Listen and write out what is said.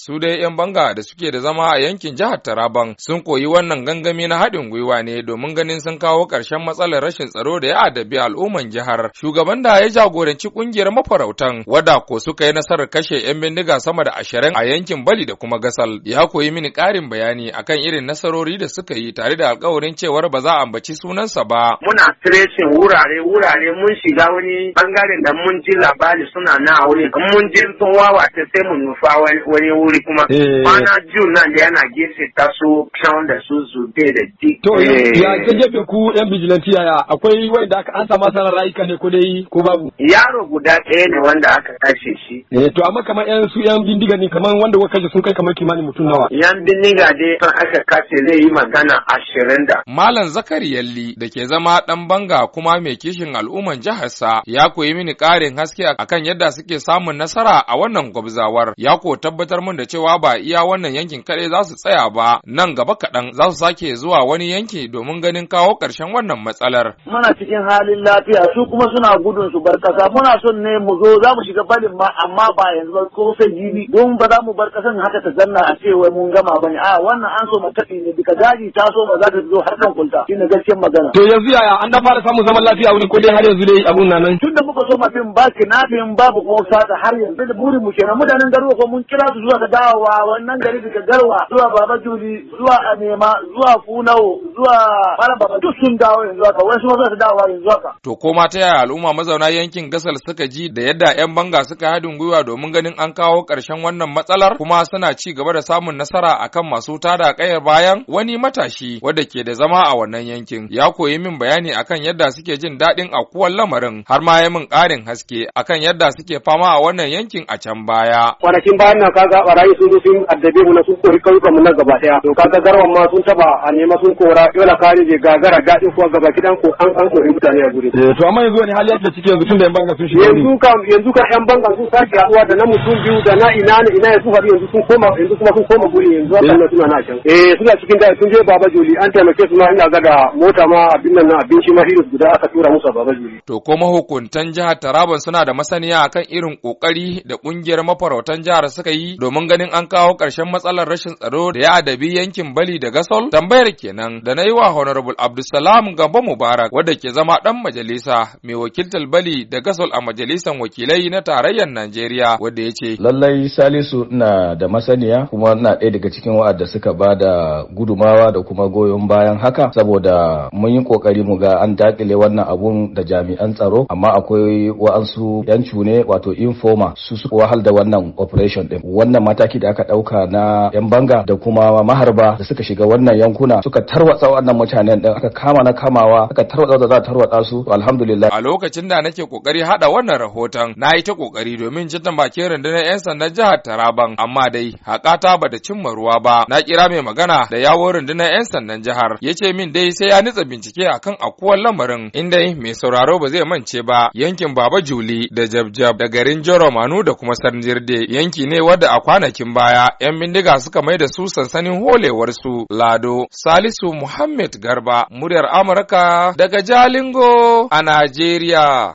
su dai 'yan banga da suke da zama a yankin jihar Taraban sun koyi wannan gangami na haɗin gwiwa ne domin ganin sun kawo ƙarshen matsalar rashin tsaro da ya adabi al'umman jihar. Shugaban da ya jagoranci ƙungiyar mafarautan wada ko suka yi nasarar kashe 'yan bindiga sama da ashirin a yankin Bali da kuma Gasal ya koyi mini ƙarin bayani akan irin nasarori da suka yi tare da alƙawarin cewar ba za a ambaci sunansa ba. Muna tracing wurare wurare mun shiga wani bangaren da mun ji labari suna na wuri mun ji tsowa wata sai mun nufa wani wuri wuri kuma eh. kwana june nan da yana gefe taso kyan da su de da di. to ya ke eh. gefe ku yan bijilanti yaya akwai da aka an samu asarar rayuka ne ko dai ko babu yaro guda ɗaya ne wanda aka kashe shi eh to amma kamar yan su yan bindiga ne kamar wanda kuka kashe sun kai kamar kimanin mutum nawa yan bindiga dai kan aka kashe zai yi magana ashirin da malam zakari yalli da ke zama dan banga kuma mai kishin al'umman sa ya koyi mini ƙarin haske akan yadda suke samun nasara a wannan gwabzawar ya ko tabbatar mun da cewa ba iya wannan yankin kaɗai za su tsaya ba nan gaba kaɗan za su sake zuwa wani yanki domin ganin kawo ƙarshen wannan matsalar. Muna cikin halin lafiya su kuma suna gudun su bar ƙasa muna son ne mu zo za mu shiga balin ma amma ba yanzu ba ko sai jibi don ba za mu bar ƙasan haka ta zanna a ce wai mun gama bane a wannan an so mu tafi ne daji ta so ba za ta zo har kan kulta shine gaskiyar magana. To yanzu yaya an da fara samun zaman lafiya wuri ko dai har yanzu dai abun nan. Tun da muka so mafin ba kinafin babu ko sata har yanzu da burin mu kenan mutanen garuwa ko mun kira su zuwa dawowa wannan gari daga garwa zuwa baba juli zuwa nema zuwa funawo zuwa bara baba duk sun dawo yanzu haka wasu ma su dawowa yanzu haka. To ko ta yaya al'umma mazauna yankin Gasal suka ji da yadda 'yan banga suka haɗin gwiwa domin ganin an kawo ƙarshen wannan matsalar kuma suna ci gaba da samun nasara akan masu tada ƙayar bayan wani matashi wadda ke da zama a wannan yankin ya koyi min bayani akan yadda suke jin daɗin akuwan lamarin har ma ya min ƙarin haske akan yadda suke fama a wannan yankin a can baya. Kwanakin bayan nan kaga barayi sun zo sun addabe mu na sun kori kauyukan mu na gaba daya to kaga garwan ma sun taba a nema sun kora yola kare je gagara gadi ko gaba kidan ko an an kori mutane a gure eh to amma yanzu ne hali yake ciki yanzu tunda yan banga sun shiga yanzu kam yanzu kan yan banga sun sake haduwa da na mutum biyu da na ina ne ina yanzu har yanzu sun koma yanzu kuma sun koma gure yanzu haka suna na can eh suna cikin da sun je baba joli an taimake su ma ina ga mota ma abin nan na shi ma irin guda aka tura musu baba joli to ko mahukuntan jihar Taraban suna da masaniya akan irin kokari da kungiyar mafarautan jihar suka yi domin ganin an kawo ƙarshen matsalar rashin tsaro da ya adabi yankin Bali da Gasol? Tambayar kenan da na yi wa Honorable Abdulsalam Gambo Mubarak wadda ke zama ɗan majalisa mai wakiltar Bali da Gasol a Majalisar wakilai na tarayyar Najeriya wadda ya ce. Lallai Salisu na da masaniya kuma na ɗaya daga cikin wa'adda suka ba da gudumawa da kuma goyon bayan haka saboda mun yi ƙoƙari mu ga an daƙile wannan abun da jami'an tsaro amma akwai wa'ansu yan cune wato informa su suka wahal da wannan operation ɗin wannan mata mataki da aka dauka na yan banga da kuma maharba da suka shiga wannan yankuna suka tarwatsa wannan mutanen din aka kama na kamawa aka tarwatsa da za a tarwatsa su alhamdulillah a lokacin da nake kokari hada wannan rahoton na yi ta kokari domin jin bakin rundunar yan sandan jihar Taraban amma dai ba bata cimma ruwa ba na kira mai magana da yawo rundunar yan sandan jihar yace min dai sai ya nitsa bincike akan akuwar lamarin inda mai sauraro ba zai mance ba yankin Baba Juli da Jabjab da garin Joro Manu da kuma sanjirde yanki ne wadda a kwana kwanakin baya 'yan bindiga suka mai da su sansanin holewarsu Lado Salisu Muhammad Garba muryar Amurka daga Jalingo a Najeriya.